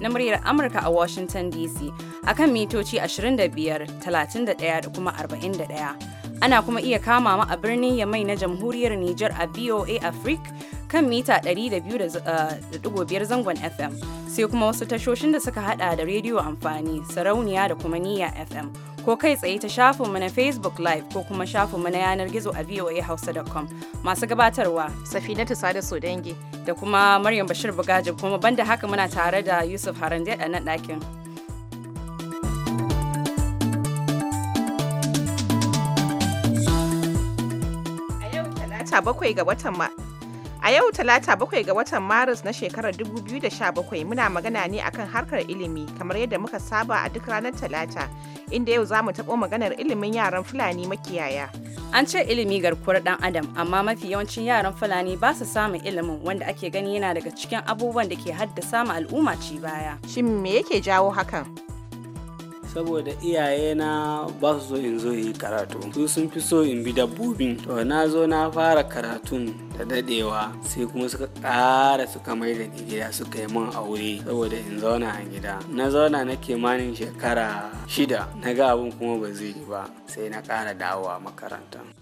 na muryar Amurka a Washington DC a kan mitoci 25, 31 da kuma 41. Ana kuma iya kama mu a birnin Yamai na Jamhuriyar Nijar a VOA Africa kan mita 200.5 eh, zangon FM. Sai kuma wasu tashoshin da suka hada da rediyo amfani, sarauniya da kuma niyya FM. ko kai tsaye ta shafinmu na Facebook Live ko kuma shafinmu na yanar gizo a voahausa.com. Masu gabatarwa, ta Sada Sodange. Da kuma Maryam Bashir Bugaji kuma banda haka muna tare da Yusuf Harande a nan ɗakin. bakwai ga watan A yau talata bakwai ga watan Maris na shekarar 2017 muna magana ne akan harkar ilimi kamar yadda muka saba a duk ranar talata inda yau za mu taɓo maganar ilimin yaran Fulani makiyaya. An ce ilimi garkuwar ɗan adam amma mafi yawancin yaran Fulani ba su samun ilimin wanda ake gani yana daga cikin abubuwan da ke haddasa ma al'umma ci baya. Shin me yake jawo hakan? saboda iyayena na ba su so in zo yi karatu su sun fi so in bi dabbobin to na zo na fara karatun da dadewa sai kuma suka ƙara suka mai da gida suka yi min aure saboda in zauna a gida na zauna na kimanin shekara shida na ga abin kuma ba zai yi ba sai na ƙara dawowa makaranta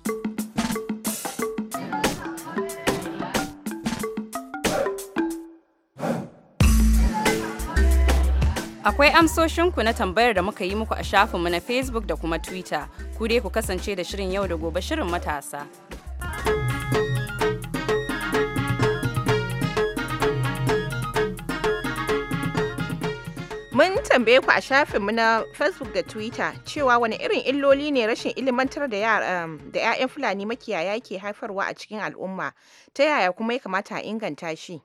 Akwai amsoshinku na tambayar da muka yi muku a shafinmu na Facebook da kuma Twitter. Ku dai ku kasance da shirin yau da gobe shirin matasa. Mun tambaye ku a shafinmu na Facebook da Twitter cewa wani irin illoli ne rashin ilimantar da ‘ya'yan um, Fulani makiyaya ke haifarwa a cikin al'umma, ta yaya kuma ya kamata a inganta shi.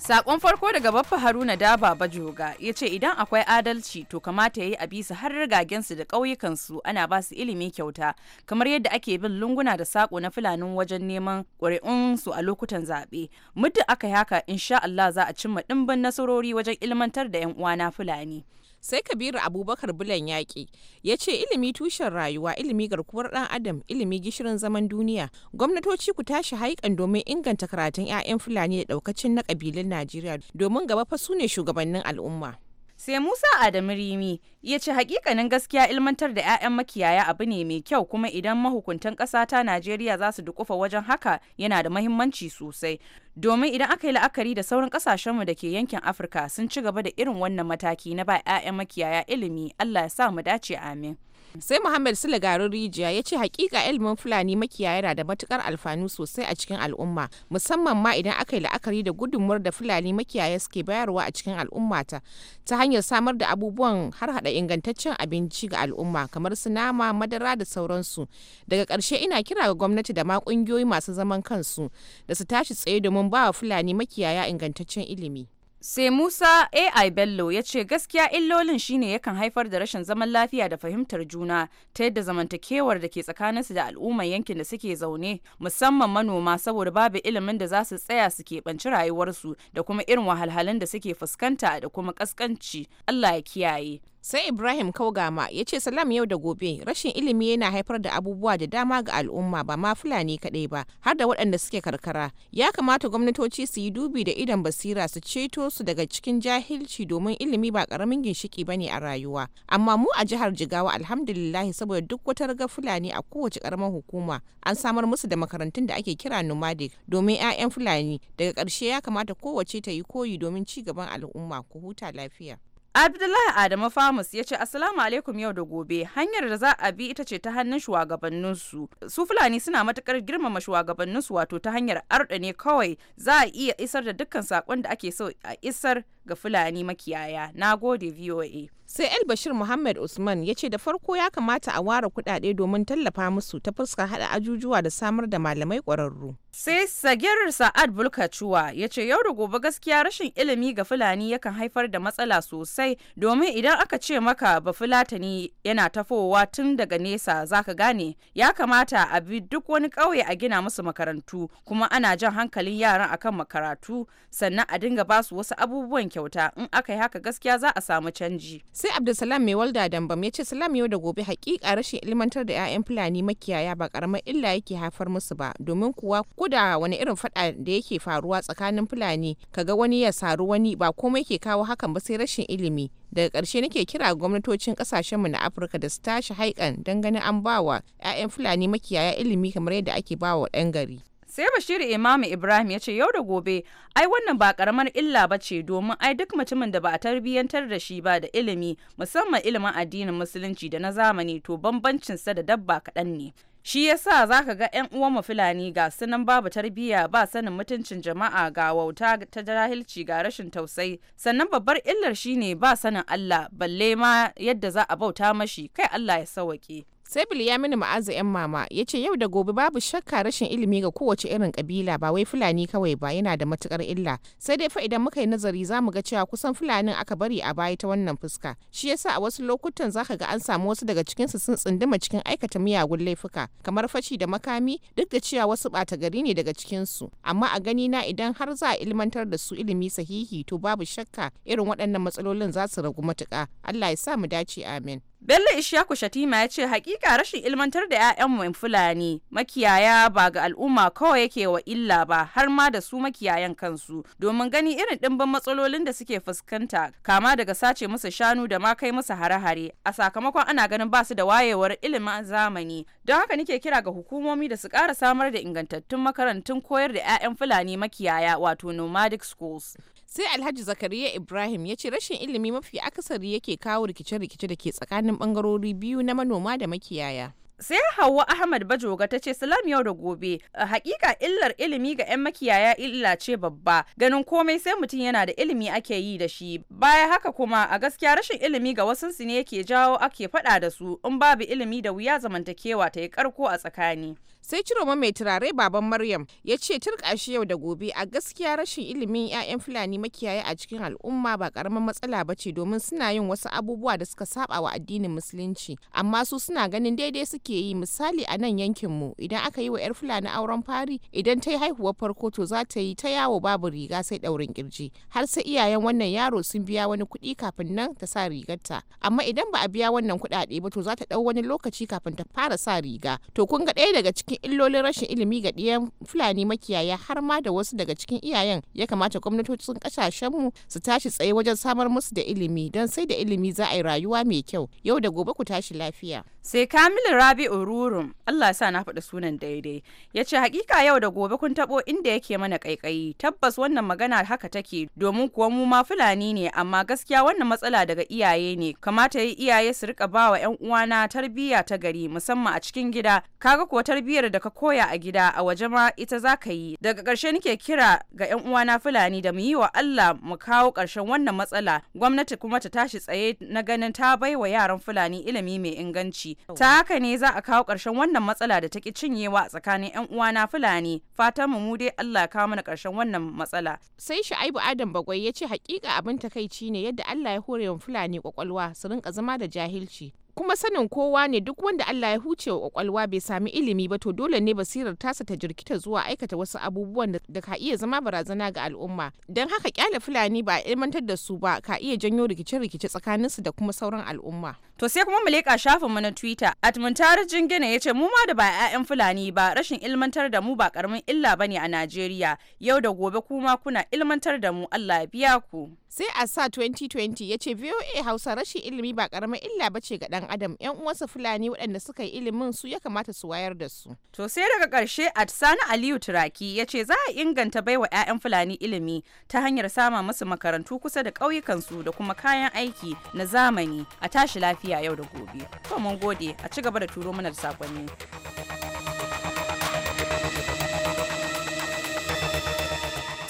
Sakon farko daga Baffa Haruna Daba Bajoga ya ce idan akwai adalci to kamata ya yi a bisa har rigagensu da ƙauyukansu ana ba su ilimi kyauta kamar yadda ake bin lunguna da sako na fulanin wajen neman ƙuri'unsu a lokutan zaɓe. Muddin aka yi haka insha Allah za a cimma ɗimbin nasarori wajen ilmantar da 'yan uwana Fulani. sai kabiru abubakar bulan yaƙi ya ce ilimi tushen rayuwa ilimi garkuwar ɗan adam ilimi gishirin zaman duniya gwamnatoci ku tashi haikan domin inganta karatun 'ya'yan fulani da ɗaukacin na ƙabilun najeriya domin gaba fa su ne shugabannin al'umma sai musa adamu rimi ya ce hakikanin gaskiya ilmantar da 'ya'yan makiyaya abu ne mai kyau kuma idan mahukuntan ƙasa ta najeriya za su dukufa wajen haka yana da mahimmanci sosai domin idan aka yi la'akari da sauran ƙasashenmu da ke yankin afirka sun ci gaba da irin wannan mataki na ba 'ya'yan makiyaya ilimi allah ya sa mu dace amin sai muhammad sule garin rijiya ya ce hakika ilimin fulani makiyaya yana da matukar alfanu sosai a cikin al'umma musamman ma idan aka yi la'akari da gudunmuwar da fulani makiyaya suke bayarwa a cikin al'ummata ta hanyar samar da abubuwan har hada ingantaccen abinci ga al'umma kamar su nama madara da sauransu daga ƙarshe ina kira ga gwamnati da ma ƙungiyoyi masu zaman kansu da su tashi tsaye domin ba wa fulani makiyaya ingantaccen ilimi sai musa ai bello ya ce gaskiya illolin shine yakan haifar da rashin zaman lafiya da fahimtar juna ta yadda zamantakewar da ke tsakaninsu da al'ummar yankin da suke zaune musamman manoma saboda babu ilimin da za su tsaya su keɓanci rayuwarsu da kuma irin wahalhalun da suke fuskanta da kuma ƙasƙanci allah ya kiyaye sai ibrahim kaugama ya ce salam yau da gobe rashin ilimi yana haifar da abubuwa da dama ga al'umma ba ma fulani kaɗai ba har da waɗanda suke karkara ya kamata gwamnatoci su yi dubi da idan basira su ceto su daga cikin jahilci domin ilimi ba ƙaramin ginshiki ba ne a rayuwa amma mu a jihar jigawa alhamdulillahi saboda duk wata riga fulani a kowace ƙaramar hukuma an samar musu da makarantun da ake kira nomadic domin 'ya'yan fulani daga ƙarshe ya kamata kowace ta yi koyi domin ci gaban al'umma ku huta lafiya Abdullahi Adamu Famus ya ce Assalamu alaikum yau da gobe hanyar da za a bi ita ce ta hannun shugabanninsu. Su Fulani suna matukar girmama shugabanninsu wato ta hanyar arɗa ne kawai za a iya isar da dukkan sakon da ake so a isar ga Fulani makiyaya. Na gode VOA. sai el bashir muhammad usman ya ce da farko ya kamata a ware kudade domin tallafa musu ta fuskar hada ajujuwa da samar da malamai kwararru sai sagir sa'ad bulkacuwa ya ce yau da gobe gaskiya rashin ilimi ga fulani yakan haifar da matsala sosai domin idan aka ce maka ba fulatani yana tafowa tun daga nesa zaka gane ya kamata a bi duk wani ƙauye a gina musu makarantu kuma ana jan hankalin yaran akan makaratu sannan a dinga basu wasu abubuwan kyauta in aka yi haka gaskiya za a samu canji sai abdulsalam mai walda dambam ya ce salam yau da gobe hakika rashin ilmantar da 'ya'yan fulani makiyaya ba karamar illa yake haifar musu ba domin kuwa kuda wani irin fada da yake faruwa tsakanin fulani kaga wani ya saru wani ba komai ke kawo hakan ba sai rashin ilimi daga ƙarshe nake kira gwamnatocin ƙasashenmu na afirka da su tashi haikan don ganin an bawa 'ya'yan fulani makiyaya ilimi kamar yadda ake bawa ɗan gari sai bashiru imamu ibrahim ya ce yau da gobe ai wannan ba karamar illa ba ce domin ai duk mutumin da ba a tarbiyyantar da shi ba da ilimi musamman ilimin addinin musulunci da na zamani to bambancinsa da dabba kaɗan ne shi yasa za ka ga 'yan uwanmu fulani ga sunan babu tarbiyya ba sanin mutuncin jama'a ga wauta ta jahilci ga rashin tausayi sannan babbar illar shine ba sanin allah balle ma yadda za a bauta mashi kai allah ya sawake sai mini ma'aza yan mama ya ce yau da gobe babu shakka rashin ilimi ga kowace irin kabila ba wai fulani kawai ba yana da matukar illa sai dai fa idan muka yi nazari za mu ga cewa kusan fulanin aka bari a baya ta wannan fuska shi yasa a wasu lokutan za ka ga an samu wasu daga cikinsu sun tsunduma cikin aikata miyagun laifuka kamar fashi da makami duk da cewa wasu bata gari ne daga cikin su amma a gani na idan har za a ilmantar da su ilimi sahihi to babu shakka irin waɗannan matsalolin za su ragu matuka Allah ya sa mu dace amin Bello Ishaku Shatima ya ce hakika rashin ilmantar da 'ya'yan Fulani makiyaya ba ga al'umma kawai yake wa illa ba har ma da su makiyayan kansu domin gani irin ɗimbin matsalolin da suke fuskanta kama daga sace musu shanu da ma kai musu hare-hare a sakamakon ana ganin ba su da wayewar ilimin zamani don haka nake kira ga hukumomi da su ƙara samar da ingantattun makarantun koyar da 'ya'yan Fulani makiyaya wato nomadic schools. sai alhaji zakariya ibrahim ya ce rashin ilimi mafi akasari yake kawo rikice-rikice da ke tsakanin bangarori biyu na manoma da makiyaya sai hawa ahmad bajoga ta ce salam yau da gobe a hakika illar ilimi ga 'yan makiyaya illa ce babba ganin komai sai mutum yana da ilimi ake yi da shi baya haka kuma a gaskiya rashin ilimi ga wasu su ne yake jawo ake fada da su in babu ilimi da wuya zamantakewa ta yi karko a tsakani sai ciro ciroma mai turare baban maryam ya ce turka shi yau da gobe a gaskiya rashin ilimin 'ya'yan fulani makiyaye a cikin al'umma ba karamin matsala ba ce domin suna yin wasu abubuwa da suka saba wa addinin musulunci amma su suna ganin daidai suke yi misali a nan yankin mu idan aka yi wa 'yar fulani auren fari idan ta yi haihuwar farko to za ta yi ta yawo babu riga sai daurin kirji har sai iyayen wannan yaro sun biya wani kuɗi kafin nan ta sa rigarta amma idan ba a biya wannan kuɗaɗe ba to za ta ɗau wani lokaci kafin ta fara sa riga to kun ga ɗaya daga cikin illolin rashin ilimi ga ɗiyan Fulani makiyaya har ma da wasu daga cikin iyayen ya kamata gwamnatocin ƙasashenmu su tashi tsaye wajen samar musu da ilimi don sai da ilimi za a yi rayuwa mai kyau yau da gobe ku tashi lafiya. Sai Kamilu Rabi'u Rurum, Allah sa na faɗi sunan daidai, ya ce hakika yau da gobe kun taɓo inda yake mana kaikayi tabbas wannan magana haka take domin kuwa mu ma Fulani ne amma gaskiya wannan matsala daga iyaye ne, kamata yi iyaye su rika bawa 'yan uwana tarbiyya ta gari musamman a cikin gida, kaga kuwa tarbiyyar da ka koya a gida a waje ma ita za ka yi daga ƙarshe nike kira ga 'yan uwana fulani da mu yi wa allah mu kawo karshen wannan matsala gwamnati kuma ta tashi tsaye na ganin ta bai wa yaran fulani ilimi mai inganci ta haka ne za a kawo ƙarshen wannan matsala da ta ki cinyewa tsakanin 'yan uwana fulani fatan mu mu dai allah kawo mana karshen wannan matsala sai shu'aibu adam bagwai ya ce hakika abin takaici ne yadda allah ya hore wa fulani kwakwalwa su rinka zama da jahilci kuma sanin kowa ne duk wanda Allah ya huce wa kwakwalwa bai sami ilimi ba to dole ne basirar tasa ta jirkita zuwa aikata wasu abubuwan da ka iya zama barazana ga al'umma don haka kyale fulani ba a ilmantar da su ba ka iya janyo rikice-rikice tsakanin su da kuma sauran al'umma to sai kuma mu leƙa mu na twitter at muntarar jingina ya ce mu ma da ba 'ya'yan fulani ba rashin ilmantar da mu ba karamin illa bane a najeriya yau da gobe kuma kuna ilmantar da mu allah ya biya ku sai a sa 2020 ya ce voa hausa rashin ilimi ba karamin illa bace ga dan adam yan uwansa fulani waɗanda suka yi ilimin su ya kamata su wayar da su to sai daga ƙarshe sani aliyu turaki ya ce za a inganta baiwa 'ya'yan fulani ilimi ta hanyar sama musu makarantu kusa da ƙauyukansu da kuma kayan aiki na zamani a tashi lafiya yau da gobe to mun gode a ci gaba da turo mana da saƙonni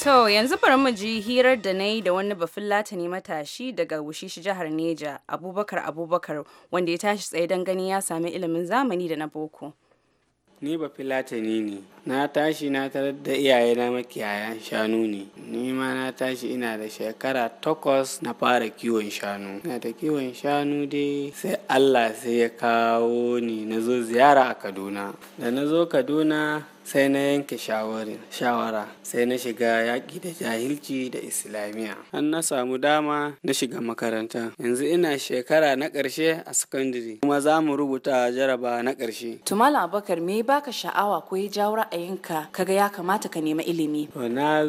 To yanzu bari mu ji hirar da na yi da wani bafin latani matashi daga wushishi jihar Neja, Abubakar Abubakar, wanda ya tashi tsaye don gani ya sami ilimin zamani da na boko. Ni ba filatani ne, na tashi na tarar da iyaye na makiyaya shanu ne, ni ma na tashi ina da shekara takwas na fara kiwon shanu. Ina da kiwon shanu dai sai Allah sai ya kawo ni na zo ziyara a Kaduna. Da na zo Kaduna sai na yanke shawara sai na shiga yaƙi da jahilci da islamiyya an na samu dama na shiga makaranta yanzu ina shekara na ƙarshe a sakandare kuma za mu rubuta jaraba na ƙarshe tumala abakar me baka sha'awa ko ya jawo ra'ayinka kaga ya kamata ka nema ilimi to na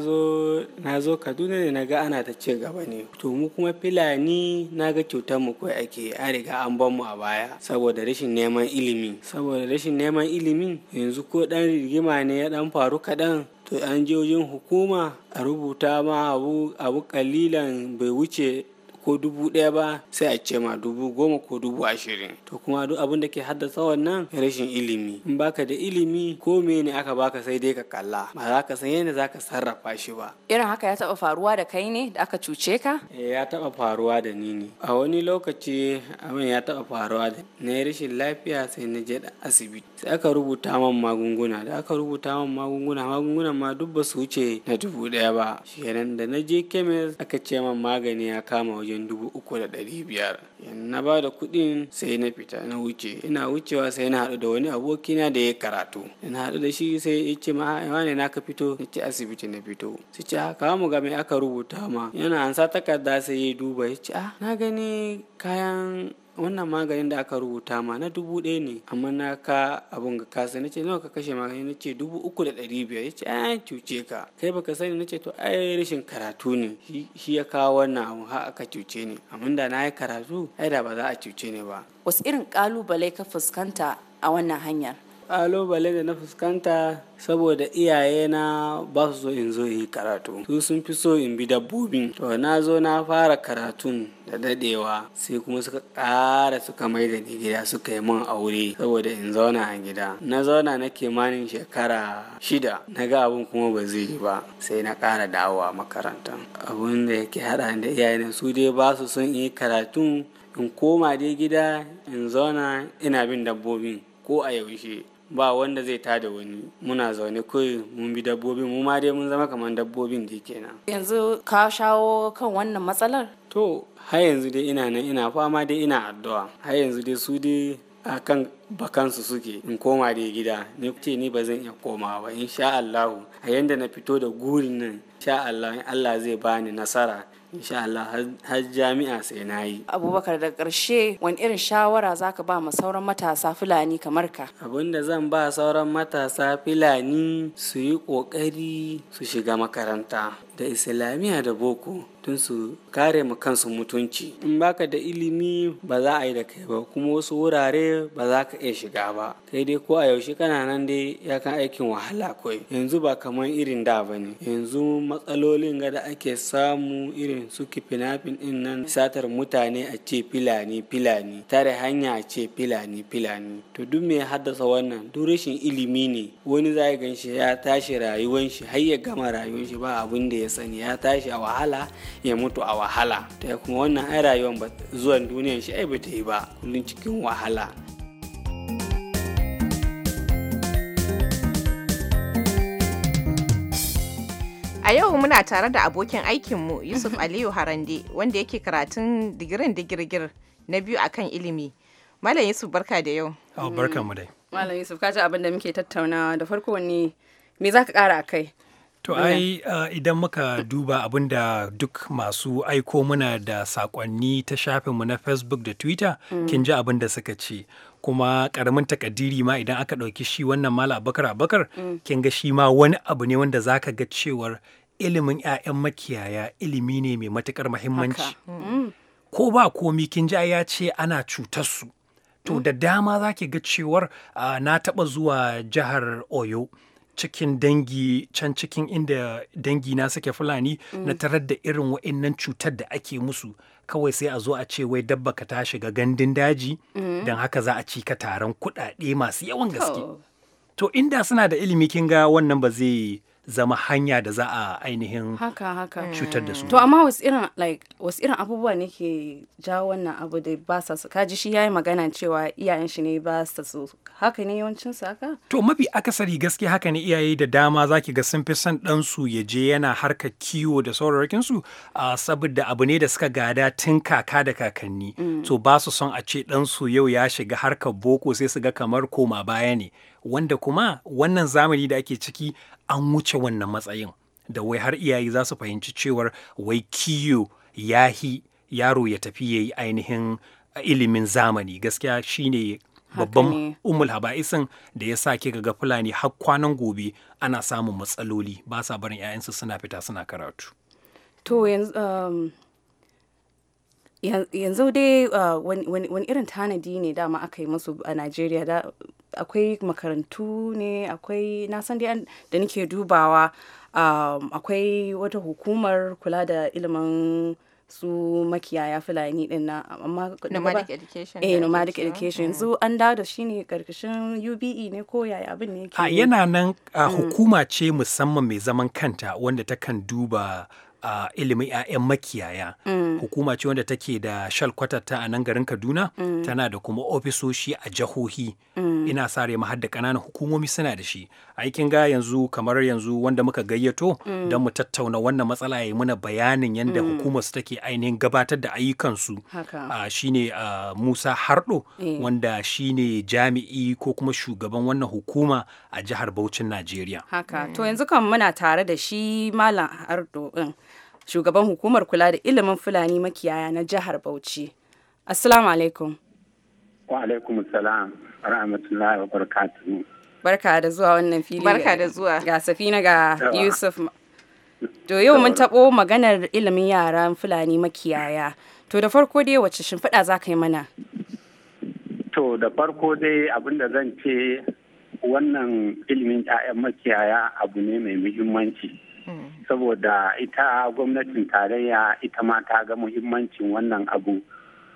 zo kaduna ne na ga ana ta ce gaba ne to mu kuma filani na ga cutar mu kai ake a riga an ban mu a baya saboda rashin neman ilimi saboda rashin neman ilimi, yanzu ko dan rige rigima ne ya dan faru kaɗan to an je wajen hukuma a rubuta ma abu kalilan bai wuce ko dubu ɗaya ba sai a ce ma dubu goma ko dubu ashirin to kuma duk abin da ke haddasa wannan rashin ilimi in baka da ilimi ko ne aka baka sai dai ka kalla ba za ka san yadda za ka sarrafa shi ba irin haka ya taba faruwa da kai ne da aka cuce ka eh, ya taba faruwa da ni ne a wani lokaci abin ya taba faruwa da na rashin lafiya sai na je asibiti sai aka rubuta man magunguna da aka rubuta man magunguna magungunan ma duk ba su wuce na dubu ɗaya ba shekaran da na je kemis aka ce man magani ya kama wajen dubu uku da ɗari biyar na ba da kuɗin sai na fita na wuce ina wucewa sai na haɗu da wani abokina da ya karatu na haɗu da shi sai ya ce ma ne na ka fito na ce asibiti na fito su ce kawo mu ga mai aka rubuta ma yana ansa takarda sai ya duba ya ce ah na gani kayan wannan maganin da aka rubuta ma na dubu ɗaya ne amma na ka abun ga kasa na ce nawa ka kashe maganin na ce dubu uku da ɗari biyar ya ce ai cuce ka kai baka sani na ce to ai rashin karatu ne shi ya kawo wannan abu har aka cuce ni amma da na yi karatu ai da ba za a cuce ni ba wasu irin ƙalubale ka fuskanta a wannan hanyar kalubale da na fuskanta saboda iyayena ba su so in zo yi karatu su sun fi so in bi dabbobi. to na zo na fara karatun da dadewa sai kuma suka ƙara suka mai da ni gida suka yi min aure saboda in zauna a gida na zauna na kimanin shekara shida na ga abun kuma ba zai yi ba sai na ƙara dawowa makaranta abun da yake haɗa da iyayena su dai ba su son yi karatun in koma dai gida in zauna ina bin dabbobi, ko a yaushe ba wanda zai tada wani muna zaune kawai mun bi dabbobi mu ma dai mun zama kamar dabbobin da kenan yanzu ka shawo kan wannan matsalar to har yanzu dai ina nan ina fama dai ina addu'a har yanzu dai su dai a kan bakansu suke in koma da gida ni ce ni ba zan iya koma ba insha Allahu a yanda na fito da gurin nan insha Allah Allah zai bani nasara insha Allah har jami'a sai na yi abubakar da ƙarshe wani irin shawara za ka ba ma sauran matasa fulani kamar ka abin da zan ba sauran matasa fulani su yi ƙoƙari su shiga makaranta da islamiyya da boko tun su kare mu kansu mutunci in baka da ilimi ba za a yi da kai ba kuma wasu wurare ba za ka iya shiga ba kai dai ko a yaushe kana nan dai ya kan aikin wahala kawai yanzu ba kamar irin da ba ne yanzu matsalolin ga da ake samu irin su kifinafin din nan satar mutane a ce filani filani tare hanya a ce filani filani to duk me haddasa wannan duk rashin ilimi ne wani za gan shi ya tashi rayuwan shi har ya gama rayuwan shi ba abun da ya sani ya tashi a wahala ya mutu a wahala ta kuma wannan ai rayuwar zuwan duniyan shi ai bata yi ba kullum cikin wahala a yau muna tare da abokin aikinmu yusuf aliyu harande wanda yake karatun digirin digirgir na biyu akan ilimi malam yusuf barka da yau oh, barka mu dai malam yusuf kaji abin da muke tattaunawa da farko ne me za ka kara a kai To ai idan muka duba abin da duk masu aiko muna da sakonni ta shafinmu na Facebook da Twitter, mm. kin ji abin da suka ce. Kuma karamin takaddiri ma idan aka ɗauki shi wannan mala abakar abakar, mm. kin ga shi ma wani abu ne wanda za ka ga cewar ilimin 'ya'yan makiyaya ilimi ne mai matuƙar muhimmanci. Mm. Ko ba komi kin ji ya ce ana cutarsu. To da dama za ga cewar na taɓa zuwa jihar Oyo. cikin dangi can cikin inda dangi na suke fulani mm. na tarar da irin wa'annan cutar da ake musu kawai sai a zo a ce wai dabba ka ta shiga gandun daji mm. don haka za a ci ka taron kuɗaɗe masu yawan gaske to inda suna da ilimi kin ga wannan ba zai zama hanya da za a ainihin haka haka cutar da su to amma wasu irin like wasu irin abubuwa ne ke jawo wannan abu da ba sa su kaji shi yayi magana cewa iyayen shi ne ba sa su haka ne yawancin su haka to mafi akasari gaske haka ne iyaye da dama zaki ga sun fi son dan ya je yana harka kiwo da sauraron su uh, saboda abu ne da suka gada tun kaka da kakanni mm. to ba su son a ce dan yau ya shiga harkar boko sai su ga kamar koma baya ne wanda kuma wannan zamani da ake ciki an wuce wannan matsayin da wai har iyaye za su fahimci cewar wai kiyo yahi yaro ya tafi ya yi ainihin ilimin zamani gaskiya shine babban umul haba'isin da ya sa kika ga fulani har kwanan gobe ana samun matsaloli ba sa barin 'ya'yansu suna fita suna karatu to yanzu um, yanzu dai ah, wani irin tanadi ne dama aka yi musu a najeriya da akwai makarantu ne akwai na san dai da nake dubawa akwai wata hukumar kula da ilimin su makiyaya fulani din na amma nomadic education eh nomadic education mm. yanzu an dawo da shine karkashin UBE ne ko yaya abin ne yake yana nan ah, mm. hukuma ce musamman mai zaman kanta wanda ta kan duba uh, ilimin 'ya'yan makiyaya mm. hukuma ce wanda take da shalkwatar ta a nan garin kaduna mm. tana da kuma ofisoshi a jihohi mm. ina sare ma da kananan hukumomi suna da shi aikin ga yanzu kamar yanzu wanda muka gayyato don mu tattauna wannan matsala ya yi muna bayanin yadda hukumar su take ainihin gabatar da ayyukansu uh, shine uh, musa hardo eh. wanda shine jami'i ko kuma shugaban wannan hukuma a jihar bauchin najeriya haka to yanzu kan muna tare da shi malam hardo shugaban hukumar kula da ilimin fulani makiyaya na jihar bauchi assalamu alaikum wa alaikum salam rahmatullahi wa barakatuhu barka da zuwa wannan fili barka da zuwa ga safina ga yusuf to yau mun taɓo maganar ilimin yaran fulani makiyaya to da farko dai wacce shimfiɗa za ka yi mana to da farko dai abinda zan ce wannan ilimin 'ya'yan makiyaya abu ne mai muhimmanci saboda ita gwamnatin tarayya ita ma ta ga muhimmancin wannan abu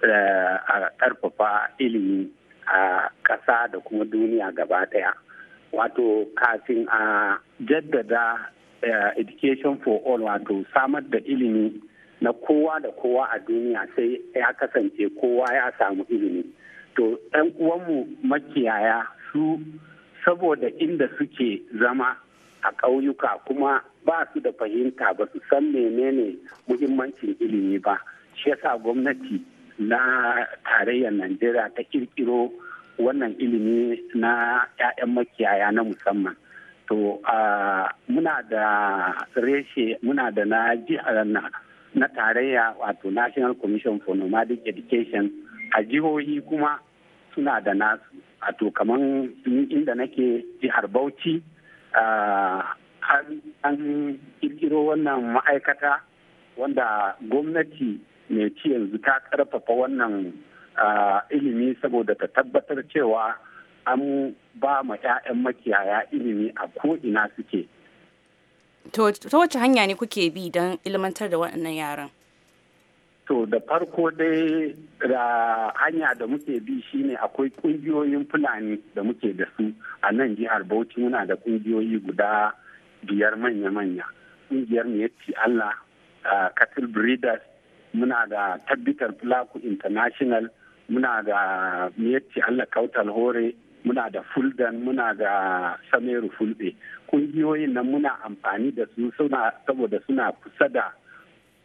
eh, a karfafa ilimi a ƙasa da kuma duniya gaba ɗaya wato kafin a jaddada eh, education for all wato samar da ilimi na kowa da kowa a duniya sai ya kasance kowa ya samu ilimi to 'yan uwanmu makiyaya su saboda inda suke zama a ƙauyuka kuma ba su da fahimta ba su san menene muhimmancin ilimi ba shi yasa gwamnati na tarayyar najeriya ta kirkiro wannan ilimi na 'ya'yan makiyaya na musamman to muna da reshe muna da na jihar na tarayya wato national commission for nomadic education a jihohi kuma suna da nasu to kamar inda nake jihar bauchi an kirkiro wannan ma'aikata wanda gwamnati mai ci yanzu ta karfafa wannan ilimi saboda ta tabbatar cewa an ba ma 'ya'yan makiyaya ilimi a ko'ina suke. Ta wace hanya ne kuke bi don ilimantar da waɗannan yaran? To da farko dai da hanya da muke bi shine akwai kungiyoyin Fulani da muke da su a nan jihar Bauchi muna da kungiyoyi guda biyar manya-manya. Kungiyar Miyatti Allah, Cattle Breeders, muna da tabbitar Fulaku International, muna da Miyatti Allah Kautal Hore, muna da Fuldan, muna da Sameru Fulbe. Kungiyoyin nan muna amfani da su saboda suna kusa da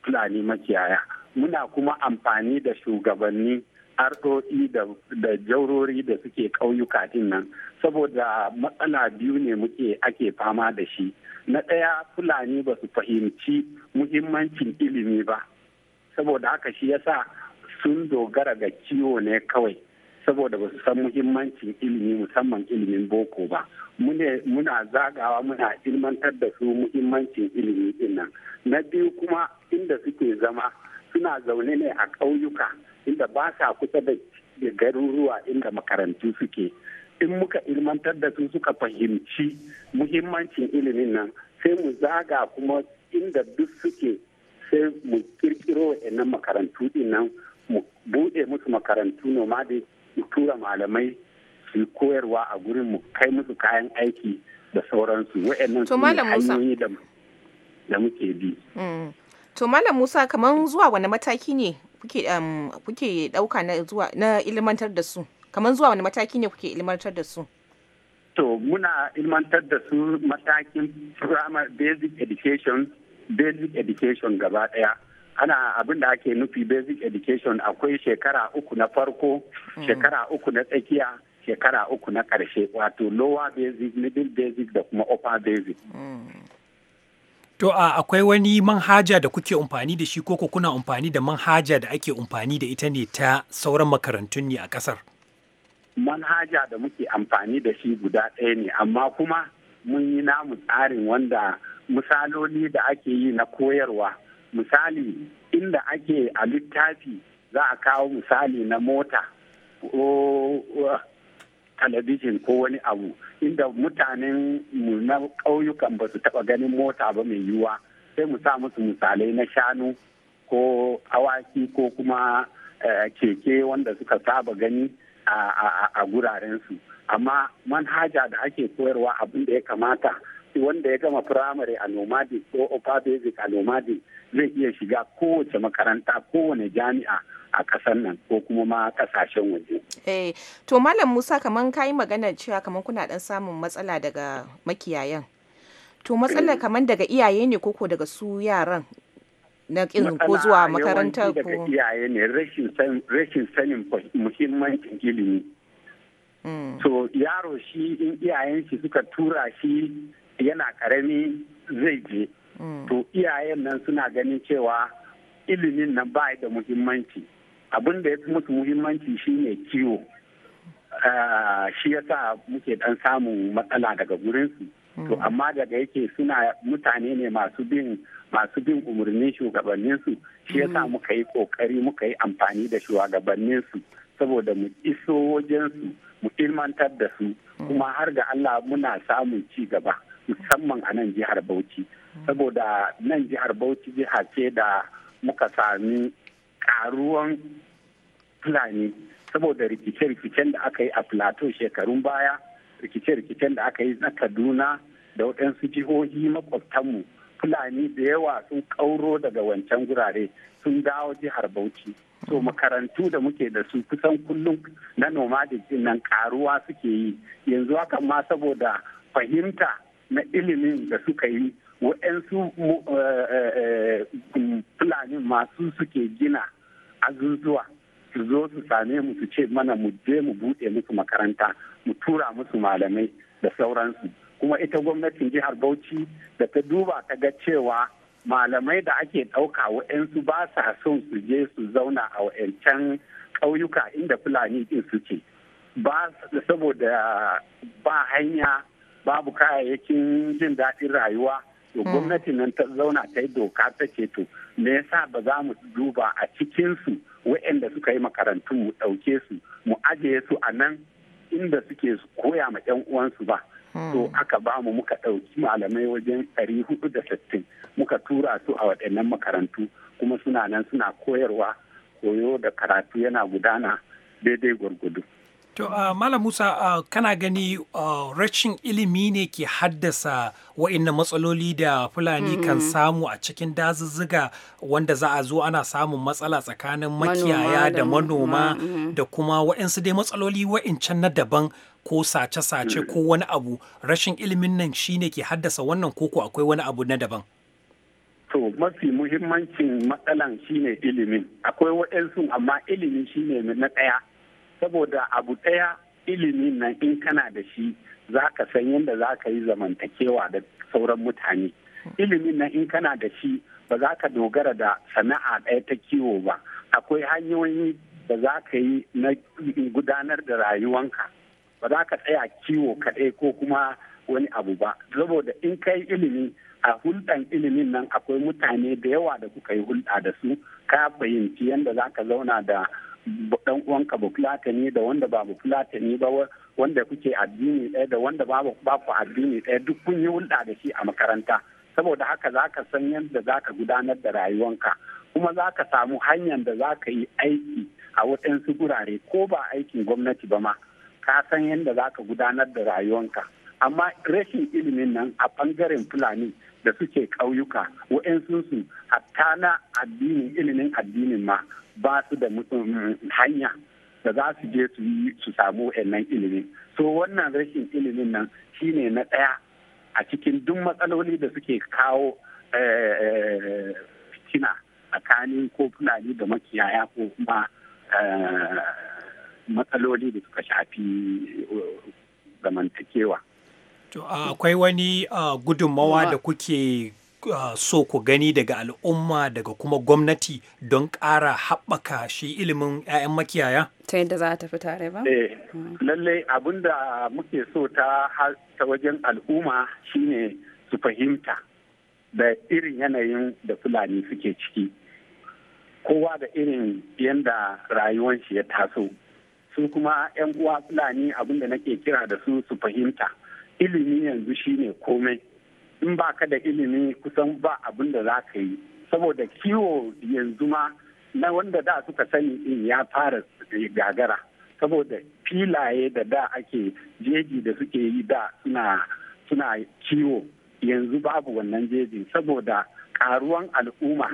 Fulani makiyaya. muna kuma amfani da shugabanni arɗoɗi e da jaurori da suke ƙauyuka din nan saboda matsala biyu ne muke ake fama da shi na ɗaya fulani ba su fahimci muhimmancin ilimi ba saboda haka shi yasa sun dogara ga ciwo ne kawai saboda ba su san muhimmancin ilimi musamman ilimin boko ba muna zagawa muna ilmantar da su muhimmancin ilimi din nan na biyu kuma inda suke zama suna zaune ne a ƙauyuka inda ba sa kusa da garuruwa inda makarantu suke in muka ilmantar da su suka fahimci muhimmancin ilimin nan sai mu zaga kuma inda duk suke sai mu kirkiro wa'annan makarantu din nan mu buɗe musu makarantu nomade mu tura malamai su koyarwa a gurin mu kai musu kayan aiki da sauransu wa'annan su hanyoyi da muke bi. Mm. To Malam Musa kaman zuwa wani mataki ne kuke dauka um, na zuwa ilmantar da su? Kaman zuwa wani mataki ne kuke ilmantar da su? To muna ilmantar da su matakin primary basic education basic education gaba daya. ana abin da ake nufi basic education akwai shekara uku na farko mm. shekara uku na tsakiya shekara uku na ƙarshe wato lower basic middle basic da kuma upper basic mm. To a akwai wani manhaja da kuke amfani da shi koko kuna amfani da manhaja da ake amfani da ita ne ta sauran makarantun ne a ƙasar? Manhaja da muke amfani da shi guda ɗaya ne, amma kuma mun yi namu tsarin wanda misaloli da ake yi na koyarwa. Misali inda ake a littafi za a kawo misali na mota talabijin ko wani abu inda mutanen mu na ƙauyukan ba su taɓa ganin mota ba mai yiwuwa sai mu sa musu misalai na shanu ko awaki ko kuma eh, keke wanda suka saba gani a gurarensu amma manhaja da ake koyarwa abin da ya kamata wanda ya gama firamare a nomadic ko upper basic a nomadic zai iya shiga kowace makaranta kowane jami'a a ƙasar nan ko kuma ma ƙasashen waje. Eh, to Malam Musa kamar ka yi cewa kamar kuna ɗan samun matsala daga makiyayan. To matsalar eh. kamar daga iyaye ne koko daga su yaran na ƙin ko zuwa makaranta ko? daga iyaye ne rashin sanin muhimmancin ilimi. So hmm. yaro shi in iyayen shi suka tura shi yana karami zai je. Hmm. To iyayen nan suna ganin cewa ilimin nan ba da muhimmanci. abin da ya fi musu muhimmanci shine kiwo ah, shi ya sa muke dan samun matsala daga gurinsu to hmm. amma daga yake suna mutane ne masu bin masu bin umarnin shugabanninsu shi sa hmm. muka yi kokari muka yi amfani da shugabanninsu saboda mu iso wajen su mu ilmantar da su hmm. kuma har ga Allah muna samun ci gaba musamman a nan jihar Bauchi saboda nan jihar Bauchi jiha ce da muka sami karuwan fulani saboda rikice-rikicen da aka yi a plateau shekarun baya rikice-rikicen da aka yi na kaduna da waɗansu jihohi makwabtanmu fulani da yawa sun kauro daga wancan gurare sun dawo jihar bauchi so makarantu da muke da su kusan kullum na nomadic din nan karuwa suke yi yanzu hakan ma saboda fahimta na ilimin da suka yi waɗansu eh, eh, eh, fulani masu suke gina azuzuwa su zo su same mu su ce mana mu je mu buɗe musu makaranta mu tura musu malamai da sauransu kuma ita gwamnatin jihar bauchi da ta duba ta ga cewa malamai da ake ɗauka waɗansu ba sa son su je su zauna a waɗancan ƙauyuka inda fulani ɗin suke ba saboda ba hanya babu kayayyakin jin daɗin rayuwa to hmm. gwamnati nan ta zauna ta yi doka ta ce to me yasa ba za mu duba a cikin su waɗanda suka yi makarantu mu ɗauke su mu ajiye su a nan inda suke koya ma 'yan uwansu ba to hmm. aka ba mu muka ɗauki malamai wajen ɗari hudu da sittin muka tura su a waɗannan makarantu kuma suna nan suna koyarwa koyo da karatu yana gudana daidai gwargwado. To, uh, Malam Musa, uh, kana gani uh, rashin ilimi ne ke haddasa wa'innan matsaloli da Fulani kan mm-hmm. samu a cikin dazuzzuga wanda za a zo ana samun matsala tsakanin makiyaya da manoma mm-hmm. da kuma wa'insu dai matsaloli wa'incan na daban ko sace-sace ko wani abu rashin ilimin nan shi ne ke haddasa wannan koko akwai wani abu na daban. To mafi muhimmancin matsalan shine ilimin. Akwai waɗansu amma ilimin shine na ɗaya. saboda abu ɗaya ilimi nan in kana da shi za ka san yadda za ka yi zamantakewa da sauran mutane ilimin nan in kana da shi ba za ka dogara da sana'a ɗaya ta kiwo ba akwai hanyoyi da za ka yi na gudanar da rayuwanka ba za ka tsaya kiwo kaɗai ko kuma wani abu ba saboda in kai ilimi a hulɗan ilimin nan akwai mutane da yawa da kuka yi hulɗa da su ka fahimci yadda za ka zauna da dan uwanka bukulata ne da wanda ba bukulata ne ba wanda kuke addini ɗaya da wanda ba ku addini ɗaya duk kun yi hulɗa da shi a makaranta saboda haka zaka san yadda zaka gudanar da rayuwanka kuma zaka samu hanyar da za ka yi aiki a waɗansu gurare ko ba aikin gwamnati ba ma ka san yadda zaka gudanar da rayuwanka amma rashin ilimin nan a ɓangaren fulani da suke ƙauyuka waɗansu su hatta na addinin ilimin addinin ma ba su da um, um, hanya da za su je su yi su samu wannan ilimin so wannan rashin ilimin nan shine na ɗaya a cikin duk matsaloli da suke kawo eh, eh, fitina tsakanin ko fulani da makiyaya ko kuma eh, matsaloli da suka shafi zamantakewa. To akwai wani gudunmawa da kuke so ku gani daga al'umma daga kuma gwamnati don ƙara haɓaka shi ilimin 'ya'yan makiyaya? Ta yadda za a tafi tare ba? Eh, hmm. lallai abin da muke so ta ta wajen al'umma shine su fahimta da irin yanayin da Fulani suke ciki. Kowa da irin yadda rayuwan shi ya taso. Su kuma 'yan uwa Fulani abinda nake kira da su su fahimta. Ilimi yanzu shine komai. in ba ka da ilimi kusan ba abin da za ka yi saboda kiwo yanzu ma na wanda da suka sani in ya fara gagara saboda filaye da da ake jeji da suke yi da suna suna kiwo yanzu babu wannan jeji saboda karuwan al'umma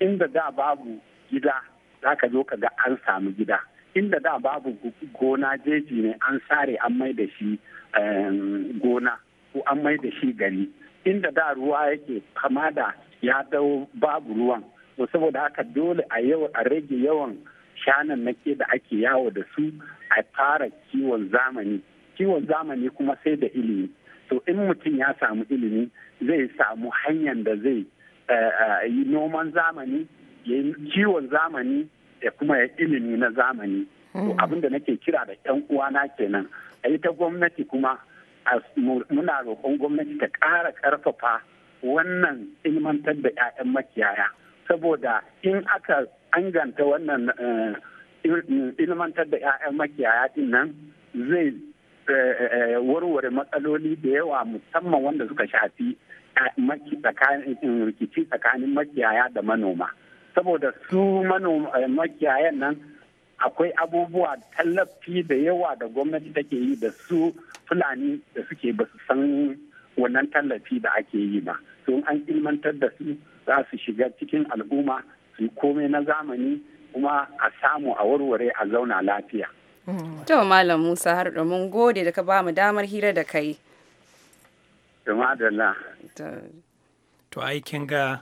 inda da babu gida za ka zo ka ga an samu gida inda da babu gona jeji ne an sare an mai da shi eh, gona ko an mai da shi gari inda da ruwa yake kama da ya dawo babu ruwan to saboda haka dole a yau a rage yawan shanan na nake da ake yawo da su a fara kiwon zamani kiwon zamani kuma sai da ilimi to in mutum ya samu ilimi zai samu hanyar da zai eh, eh, yi noman zamani ya kiwon zamani da kuma ya ilimi na zamani to hmm. abin da nake kira da 'yan uwana kenan a ta gwamnati kuma muna roƙon gwamnati ta ƙara ƙarfafa wannan ilmantar da 'ya'yan makiyaya saboda in aka anganta wannan eh, ilmantar da 'ya'yan makiyaya din nan zai eh, eh, warware matsaloli da yawa musamman wanda suka shafi rikici tsakanin makiyaya da manoma saboda su makiyayan nan akwai abubuwa tallafi da yawa da gwamnati take yi da su fulani da suke ba su san wannan tallafi da ake yi ba to an ilmantar da su za su shiga cikin al'umma su komai na zamani kuma a samu a warware a zauna lafiya. To Malam Musa har domin gode da ka ba mu damar hira da kai. to ai kin ga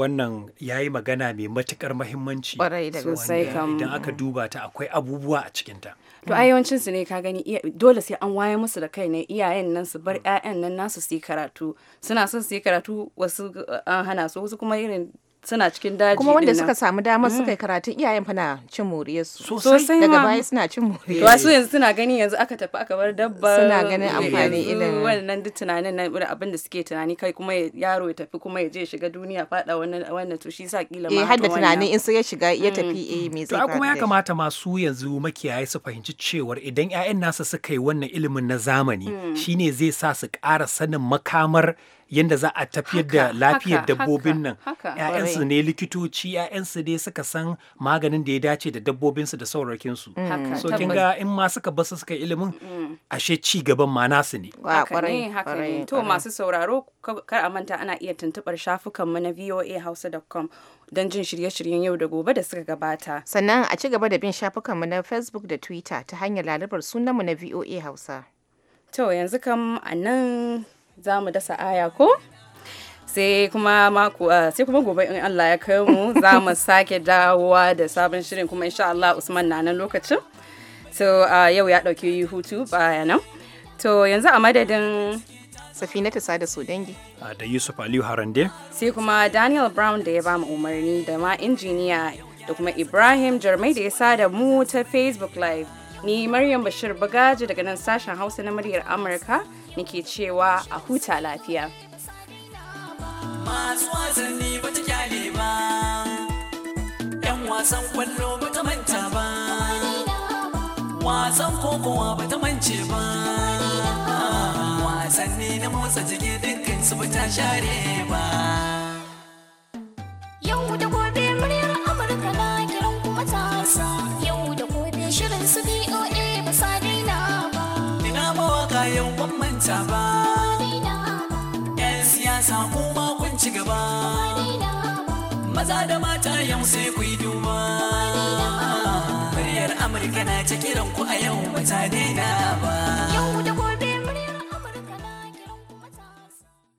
wannan yayi magana mai matukar muhimmanci kwarai da gaske kam idan aka duba ta akwai abubuwa a cikinta. ta to ai yawancin su ne ka gani dole sai an waye musu da kai ne iyayen nan su bar mm. ƴaƴan nan nasu su yi karatu suna son su yi karatu wasu uh, an hana su wasu kuma irin suna cikin daji kuma wanda suka samu damar suka yi mm. karatu iyayen fana cin moriyar su sosai daga baya suna cin moriyar wasu yanzu suna ganin yanzu aka tafi aka bar dabba suna ganin mm. amfani mm. idan. wannan duk tunanin nan abin da suke tunani kai kuma yaro ya tafi kuma ya je shiga duniya fada wannan wannan to shi sa kila ma eh hadda tunanin in sai ya shiga ya tafi eh me zai to kuma ya kamata masu yanzu makiyaye su fahimci cewar idan ƴaƴan nasa suka yi wannan ilimin na zamani shine zai sa su ƙara sanin makamar yadda za a tafiyar da lafiyar dabbobin nan ‘ya'yansu ne likitoci ‘ya'yansu ne suka san maganin da ya dace da dabbobinsu da saurakinsu mm, so kin ga in ma suka basu suka ilimin mm. ashe ci gaban ma nasu ne to masu sauraro kar a manta ana iya tuntubar shafukan mu na voahausa.com don jin shirye-shiryen yau da gobe da suka gabata sannan a ci gaba da bin shafukan mu na facebook da twitter ta hanyar lalubar sunanmu na voa hausa to yanzu kam a nan za mu dasa aya ko sai kuma mako ah, sai kuma gobe in Allah ya kai mu za mu sake dawowa da sabon shirin kuma insha Allah Usman na nan lokacin so ah, yau ya dauki hutu baya nan to yanzu a madadin Safinatu Sada Sodangi. Ah, da Yusuf Aliyu Harande. Sai kuma Daniel Brown da ya ba mu umarni da ma injiniya da kuma Ibrahim Jarmai da ya sada mu ta Facebook Live. Ni Maryam Bashir Bagaji daga nan sashen Hausa na muryar Amurka. nake cewa a huta lafiya. Masu wasanni ba ta kyale ba, 'yan wasan kwallo ba ta manta ba, wasan kokowa ba ta mance ba, wasanni na motsa jiki dukkan su ba ta share ba. manta ba yan siyasa kuma kun ci gaba maza da mata yau sai ku yi duba muryar amurka na ta kiran ku a yau ba ta daina ba